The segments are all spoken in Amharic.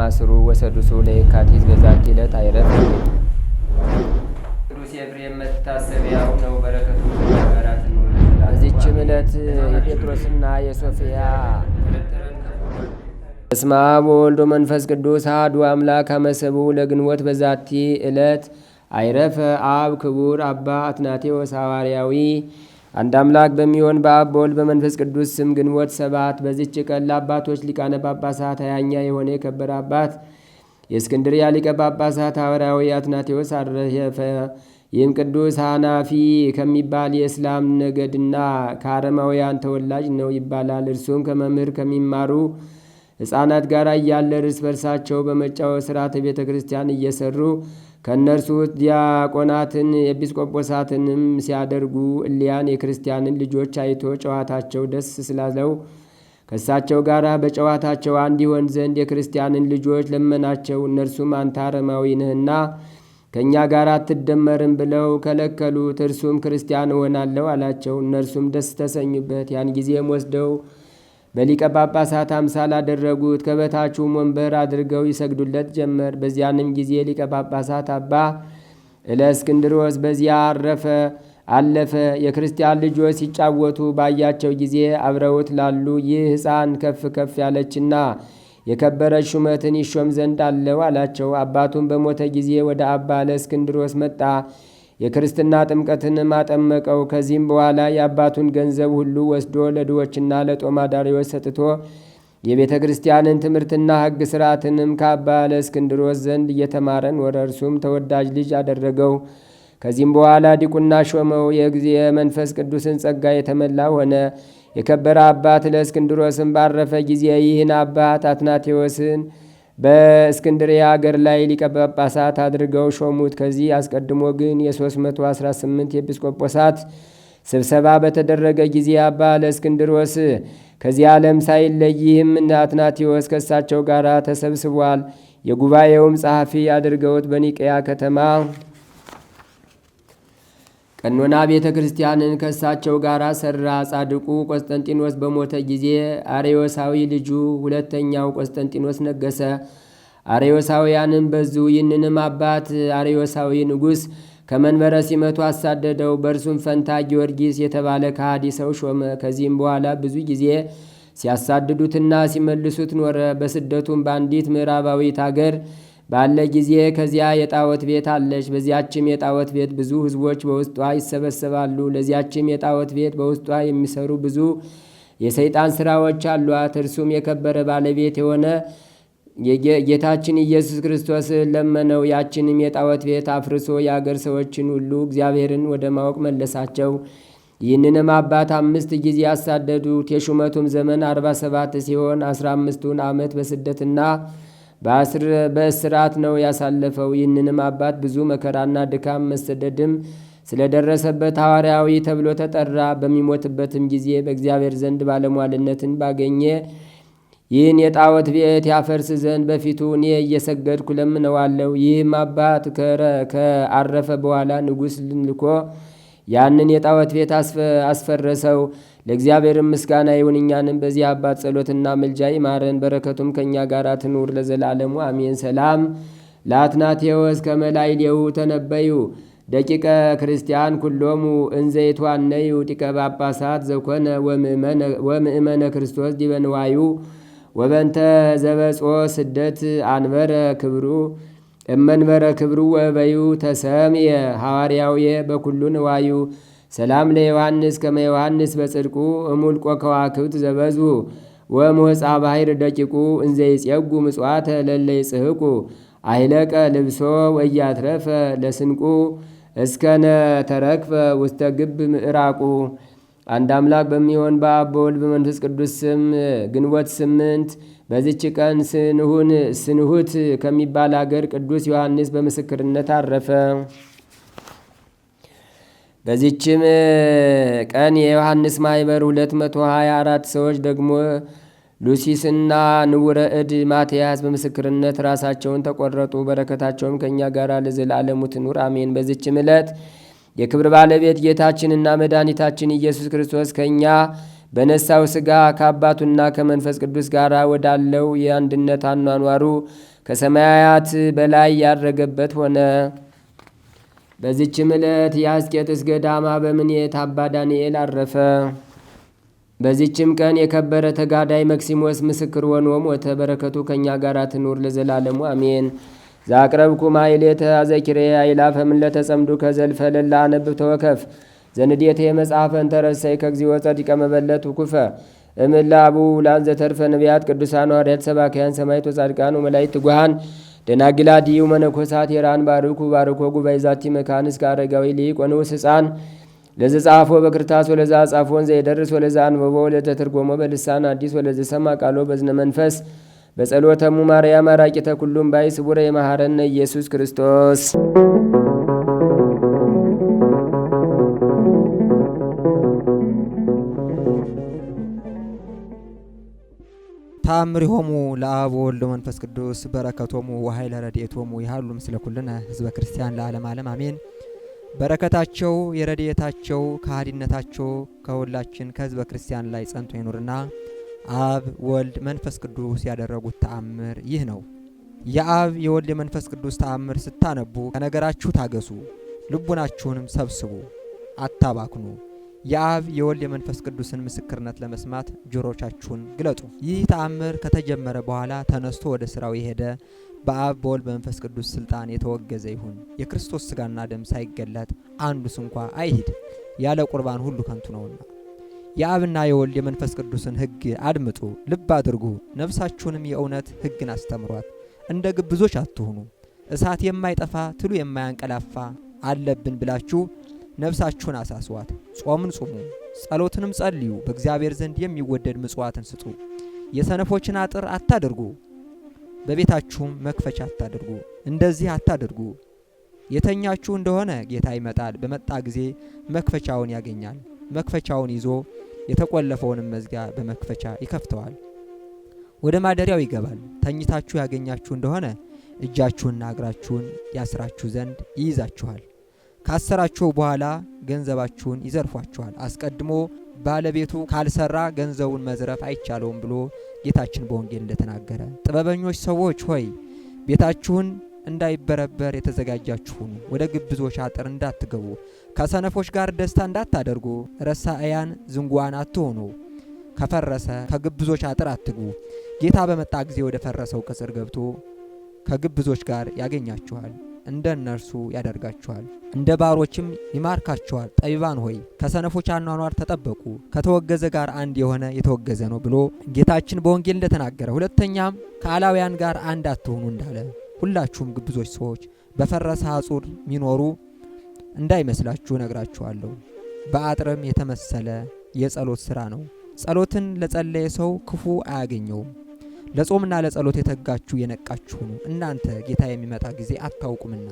ማስሩ ወሰዱሱ ለየካቲት በዛቲ ዕለት አይረፍ ቅዱስ ኤፍሬም መታሰቢያው ነው። በረከቱ ጋራት በዚችም ዕለት የጴጥሮስና የሶፊያ በስመ አብ ወወልድ ወመንፈስ ቅዱስ አሐዱ አምላክ አመሰቡ ለግንቦት በዛቲ ዕለት አይረፈ አብ ክቡር አባ አትናቴዎስ ሐዋርያዊ አንድ አምላክ በሚሆን በአብ በወልድ በመንፈስ ቅዱስ ስም ግንቦት ሰባት በዚች ቀን ለአባቶች ሊቃነ ጳጳሳት አያኛ የሆነ የከበረ አባት የእስክንድርያ ሊቀ ጳጳሳት ሐዋርያዊ አትናቴዎስ አረፈ። ይህም ቅዱስ ሐናፊ ከሚባል የእስላም ነገድና ከአረማውያን ተወላጅ ነው ይባላል። እርሱም ከመምህር ከሚማሩ ሕፃናት ጋር እያለ እርስ በርሳቸው በመጫወት ስርዓተ ቤተ ክርስቲያን እየሰሩ ከእነርሱ ውስጥ ዲያቆናትን ኤጲስቆጶሳትንም ሲያደርጉ እሊያን የክርስቲያንን ልጆች አይቶ ጨዋታቸው ደስ ስላለው ከእሳቸው ጋር በጨዋታቸው አንድ ይሆን ዘንድ የክርስቲያንን ልጆች ለመናቸው። እነርሱም አንተ አረማዊ ነህና ከእኛ ጋር አትደመርም ብለው ከለከሉት። እርሱም ክርስቲያን እሆናለሁ አላቸው። እነርሱም ደስ ተሰኙበት። ያን ጊዜም ወስደው በሊቀ ጳጳሳት አምሳል አደረጉት። ከበታችሁም ወንበር አድርገው ይሰግዱለት ጀመር። በዚያንም ጊዜ ሊቀ ጳጳሳት አባ እለእስክንድሮስ በዚያ አረፈ አለፈ። የክርስቲያን ልጆች ሲጫወቱ ባያቸው ጊዜ አብረውት ላሉ ይህ ሕፃን ከፍ ከፍ ያለችና የከበረች ሹመትን ይሾም ዘንድ አለው አላቸው። አባቱም በሞተ ጊዜ ወደ አባ እለእስክንድሮስ መጣ። የክርስትና ጥምቀትን አጠመቀው። ከዚህም በኋላ የአባቱን ገንዘብ ሁሉ ወስዶ ለድሆችና ለጦማ ዳሪዎች ሰጥቶ የቤተ ክርስቲያንን ትምህርትና ሕግ ስርዓትንም ከአባ ለእስክንድሮስ ዘንድ እየተማረን ወደ እርሱም ተወዳጅ ልጅ አደረገው። ከዚህም በኋላ ዲቁና ሾመው። የጊዜ መንፈስ ቅዱስን ጸጋ የተመላ ሆነ። የከበረ አባት ለእስክንድሮስን ባረፈ ጊዜ ይህን አባት አትናቴዎስን በእስክንድርያ አገር ላይ ሊቀ ጳጳሳት አድርገው ሾሙት። ከዚህ አስቀድሞ ግን የ318 ኤጲስቆጶሳት ስብሰባ በተደረገ ጊዜ አባ ለእስክንድሮስ ከዚህ ዓለም ሳይለይህም አትናቴዎስ ከእሳቸው ጋር ተሰብስቧል። የጉባኤውም ጸሐፊ አድርገውት በኒቀያ ከተማ ቀኖና ቤተ ክርስቲያንን ከእሳቸው ጋር ሠራ። ጻድቁ ቆስጠንጢኖስ በሞተ ጊዜ አሬዮሳዊ ልጁ ሁለተኛው ቆስጠንጢኖስ ነገሰ። አሬዮሳውያንም በዙ። ይህንንም አባት አሬዮሳዊ ንጉሥ ከመንበረ ሲመቱ አሳደደው። በእርሱም ፈንታ ጊዮርጊስ የተባለ ከሃዲ ሰው ሾመ። ከዚህም በኋላ ብዙ ጊዜ ሲያሳድዱትና ሲመልሱት ኖረ። በስደቱም በአንዲት ምዕራባዊት አገር ባለ ጊዜ ከዚያ የጣዖት ቤት አለች። በዚያችም የጣዖት ቤት ብዙ ሕዝቦች በውስጧ ይሰበሰባሉ። ለዚያችም የጣዖት ቤት በውስጧ የሚሰሩ ብዙ የሰይጣን ስራዎች አሏት። እርሱም የከበረ ባለቤት የሆነ ጌታችን ኢየሱስ ክርስቶስ ለመነው። ያችንም የጣዖት ቤት አፍርሶ የአገር ሰዎችን ሁሉ እግዚአብሔርን ወደ ማወቅ መለሳቸው። ይህንንም አባት አምስት ጊዜ ያሳደዱት። የሹመቱም ዘመን አርባ ሰባት ሲሆን አስራ አምስቱን ዓመት በስደትና በእስራት ነው ያሳለፈው። ይህንንም አባት ብዙ መከራና ድካም መሰደድም ስለደረሰበት ሐዋርያዊ ተብሎ ተጠራ። በሚሞትበትም ጊዜ በእግዚአብሔር ዘንድ ባለሟልነትን ባገኘ ይህን የጣዖት ቤት ያፈርስ ዘንድ በፊቱ እኔ እየሰገድኩ ለምነዋለሁ። ይህም አባት ከአረፈ በኋላ ንጉሥ ልኮ ያንን የጣዖት ቤት አስፈረሰው። ለእግዚአብሔርም ምስጋና ይሁን። እኛንም በዚህ አባት ጸሎትና ምልጃ ይማረን፣ በረከቱም ከእኛ ጋር ትኑር ለዘላለሙ አሜን። ሰላም ለአትናቴዎስ ከመ ላዕሌሁ ተነበዩ ደቂቀ ክርስቲያን ኩሎሙ እንዘይቷነዩ ይትዋነዩ ሊቀ ጳጳሳት ዘኮነ ወምእመነ ክርስቶስ ዲበንዋዩ ወበንተ ዘበጾ ስደት አንበረ ክብሩ እመንበረ ክብሩ ወበዩ ተሰምየ ሐዋርያውየ በኩሉ ንዋዩ ሰላም ለዮሐንስ ከመ ዮሐንስ በጽድቁ እሙልቆ ከዋክብት ዘበዙ ወሞፃ ባሕር ደቂቁ እንዘይጼጉ ምጽዋተ ለለይ ጽህቁ አይለቀ ልብሶ ወያትረፈ ለስንቁ እስከነ ተረክፈ ውስተ ግብ ምዕራቁ። አንድ አምላክ በሚሆን በአብ በወልድ በመንፈስ ቅዱስ ስም ግንቦት ስምንት በዚች ቀን ስንሁን ስንሁት ከሚባል አገር ቅዱስ ዮሐንስ በምስክርነት አረፈ። በዚችም ቀን የዮሐንስ ማይበር 224 ሰዎች ደግሞ ሉሲስና ንውረ እድ ማትያስ በምስክርነት ራሳቸውን ተቆረጡ። በረከታቸውም ከእኛ ጋር ለዘላለሙ ትኑር አሜን። በዚችም ዕለት የክብር ባለቤት ጌታችንና መድኃኒታችን ኢየሱስ ክርስቶስ ከእኛ በነሳው ሥጋ ከአባቱና ከመንፈስ ቅዱስ ጋር ወዳለው የአንድነት አኗኗሩ ከሰማያት በላይ ያረገበት ሆነ። በዚች ዕለት የአስቄጥስ ገዳማ በምኔት አባ ዳንኤል አረፈ። በዚችም ቀን የከበረ ተጋዳይ መክሲሞስ ምስክር ሆኖ ሞተ። በረከቱ ከእኛ ጋር ትኑር ለዘላለሙ አሜን። ዛቅረብኩ ማይሌተ አዘኪሬ አይላፈምን ለተጸምዱ ከዘልፈ ለላ ነብብ ተወከፍ ዘንዴቴ መጽሐፈን ተረሳይ ከግዚኦ ጸድቀ መበለት ውኩፈ እምላ አቡ ላን ዘተርፈ ነቢያት ቅዱሳን ዋርያት ሰባክያን ሰማዕታት ወጻድቃን ወመላእክት ትጉሃን ደናግላዲው መነኮሳት የራን ባርኩ ባርኮ ጉባኤ ዛቲ መካንስ እስከ አረጋዊ ሊቅ ወንዑስ ሕፃን ለዘጻፎ በክርታስ ወለዛ ጻፎን ዘይደርስ ወለዛ አንበቦ ለተተርጎሞ በልሳን አዲስ ወለዘሰማ ቃሎ በዝነ መንፈስ በጸሎተሙ ማርያም አራቂተ ኩሉም ባይ ስቡረ የመሐረነ ኢየሱስ ክርስቶስ ተአምሪሆሙ ለአብ ወልድ መንፈስ ቅዱስ በረከቶሙ ወኃይለ ረድኤቶሙ ይሃሉ ምስለ ኩልነ ህዝበ ክርስቲያን ለዓለም ዓለም አሜን። በረከታቸው የረድኤታቸው ከሃዲነታቸው ከሁላችን ከህዝበ ክርስቲያን ላይ ጸንቶ ይኑርና አብ ወልድ መንፈስ ቅዱስ ያደረጉት ተአምር ይህ ነው። የአብ የወልድ የመንፈስ ቅዱስ ተአምር ስታነቡ ከነገራችሁ ታገሱ፣ ልቡናችሁንም ሰብስቡ፣ አታባክኑ። የአብ የወልድ የመንፈስ ቅዱስን ምስክርነት ለመስማት ጆሮቻችሁን ግለጡ። ይህ ተአምር ከተጀመረ በኋላ ተነስቶ ወደ ስራው የሄደ በአብ በወልድ በመንፈስ ቅዱስ ስልጣን የተወገዘ ይሁን። የክርስቶስ ስጋና ደም ሳይገለጥ አንዱስ እንኳ አይሂድ፣ ያለ ቁርባን ሁሉ ከንቱ ነውና። የአብና የወልድ የመንፈስ ቅዱስን ሕግ አድምጡ፣ ልብ አድርጉ። ነፍሳችሁንም የእውነት ሕግን አስተምሯት። እንደ ግብዞች አትሁኑ። እሳት የማይጠፋ ትሉ የማያንቀላፋ አለብን ብላችሁ ነፍሳችሁን አሳስዋት። ጾምን ጹሙ፣ ጸሎትንም ጸልዩ፣ በእግዚአብሔር ዘንድ የሚወደድ ምጽዋትን ስጡ። የሰነፎችን አጥር አታድርጉ፣ በቤታችሁም መክፈቻ አታድርጉ። እንደዚህ አታድርጉ። የተኛችሁ እንደሆነ ጌታ ይመጣል፣ በመጣ ጊዜ መክፈቻውን ያገኛል። መክፈቻውን ይዞ የተቆለፈውንም መዝጊያ በመክፈቻ ይከፍተዋል፣ ወደ ማደሪያው ይገባል። ተኝታችሁ ያገኛችሁ እንደሆነ እጃችሁንና እግራችሁን ያስራችሁ ዘንድ ይይዛችኋል ካሰራችሁ በኋላ ገንዘባችሁን ይዘርፏችኋል። አስቀድሞ ባለቤቱ ካልሰራ ገንዘቡን መዝረፍ አይቻለውም ብሎ ጌታችን በወንጌል እንደተናገረ፣ ጥበበኞች ሰዎች ሆይ ቤታችሁን እንዳይበረበር የተዘጋጃችሁ ሁኑ። ወደ ግብዞች አጥር እንዳትገቡ፣ ከሰነፎች ጋር ደስታ እንዳታደርጉ፣ ረሳእያን ዝንጓን አትሆኑ። ከፈረሰ ከግብዞች አጥር አትግቡ። ጌታ በመጣ ጊዜ ወደ ፈረሰው ቅጽር ገብቶ ከግብዞች ጋር ያገኛችኋል። እንደ እነርሱ ያደርጋችኋል፣ እንደ ባሮችም ይማርካችኋል። ጠቢባን ሆይ ከሰነፎች አኗኗር ተጠበቁ። ከተወገዘ ጋር አንድ የሆነ የተወገዘ ነው ብሎ ጌታችን በወንጌል እንደተናገረ፣ ሁለተኛም ከአላውያን ጋር አንድ አትሆኑ እንዳለ ሁላችሁም ግብዞች ሰዎች በፈረሰ አጹር የሚኖሩ እንዳይመስላችሁ ነግራችኋለሁ። በአጥርም የተመሰለ የጸሎት ሥራ ነው። ጸሎትን ለጸለየ ሰው ክፉ አያገኘውም። ለጾምና ለጸሎት የተጋችሁ የነቃችሁ ሁኑ፣ እናንተ ጌታ የሚመጣ ጊዜ አታውቁምና።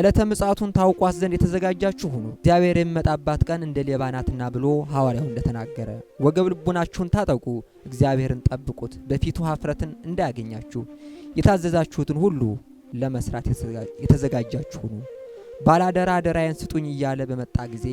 ዕለተ ምጽአቱን ታውቋት ዘንድ የተዘጋጃችሁ ሁኑ፣ እግዚአብሔር የሚመጣባት ቀን እንደ ሌባ ናትና ብሎ ሐዋርያው እንደተናገረ። ወገብ ልቡናችሁን ታጠቁ፣ እግዚአብሔርን ጠብቁት፣ በፊቱ ኀፍረትን እንዳያገኛችሁ። የታዘዛችሁትን ሁሉ ለመስራት የተዘጋጃችሁ ሁኑ። ባላደራ አደራዬን ስጡኝ እያለ በመጣ ጊዜ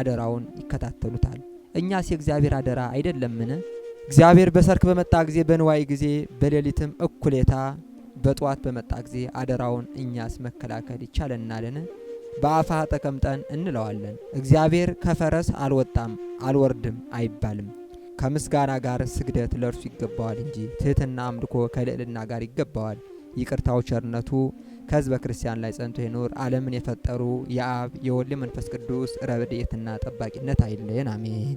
አደራውን ይከታተሉታል። እኛስ የእግዚአብሔር አደራ አይደለምን? እግዚአብሔር በሰርክ በመጣ ጊዜ በንዋይ ጊዜ በሌሊትም እኩሌታ በጠዋት በመጣ ጊዜ አደራውን እኛስ መከላከል ይቻለናልን? በአፋ ተቀምጠን እንለዋለን። እግዚአብሔር ከፈረስ አልወጣም አልወርድም አይባልም። ከምስጋና ጋር ስግደት ለእርሱ ይገባዋል እንጂ ትህትና አምልኮ ከልዕልና ጋር ይገባዋል። ይቅርታው ቸርነቱ ከሕዝበ ክርስቲያን ላይ ጸንቶ ይኑር። ዓለምን የፈጠሩ የአብ የወልድ መንፈስ ቅዱስ ረድኤትና ጠባቂነት አይለየን። አሜን።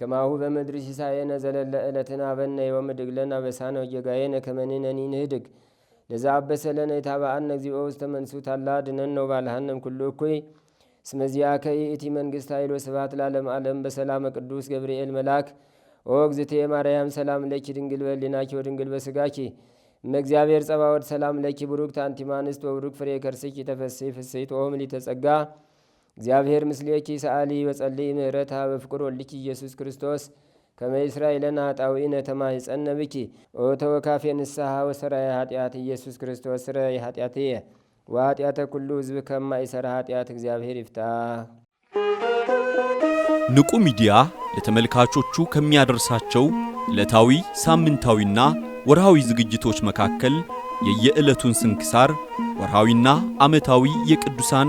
ከማሁ በምድሪ ሲሳየነ ዘለለ ዕለትን አበነ ወምድግለን አበሳነ ወጌጋየነ ከመኔነኒ ንህድግ ለዛ አበሰለነ የታባአነ እግዚኦ ውስተ መንሱት አላ ድነን ነው ባልሃንም ኩሉ እኩይ ስመዚያ ከይ እቲ መንግስት ኃይሎ ስብሐት ላለም ዓለም በሰላመ ቅዱስ ገብርኤል መልአክ ኦ እግዝቴ ማርያም ሰላም ለኪ ድንግል በሊናኪ ወድንግል በስጋኪ እመእግዚአብሔር ጸባወድ ሰላም ለኪ ብሩክ ታንቲማንስት እምአንስት ፍሬ ከርስኪ ተፈሥሒ ፍሥሕት ኦምሊ ተጸጋ እግዚአብሔር ምስሌኪ ሰአሊ በጸልይ ምህረታ በፍቅር ወልኪ ኢየሱስ ክርስቶስ ከመ እስራኤለን አጣዊነ ተማይጸነ ብኪ ኦ ንስሐ ወሰራ ኃጢአት ኢየሱስ ክርስቶስ ስረይ የ ወኃጢአተ ኩሉ ሕዝብ ከማይሰራ ኃጢአት እግዚአብሔር ይፍታ። ንቁ ሚዲያ ለተመልካቾቹ ከሚያደርሳቸው ዕለታዊ ሳምንታዊና ወርሃዊ ዝግጅቶች መካከል የየዕለቱን ስንክሳር ወርሃዊና ዓመታዊ የቅዱሳን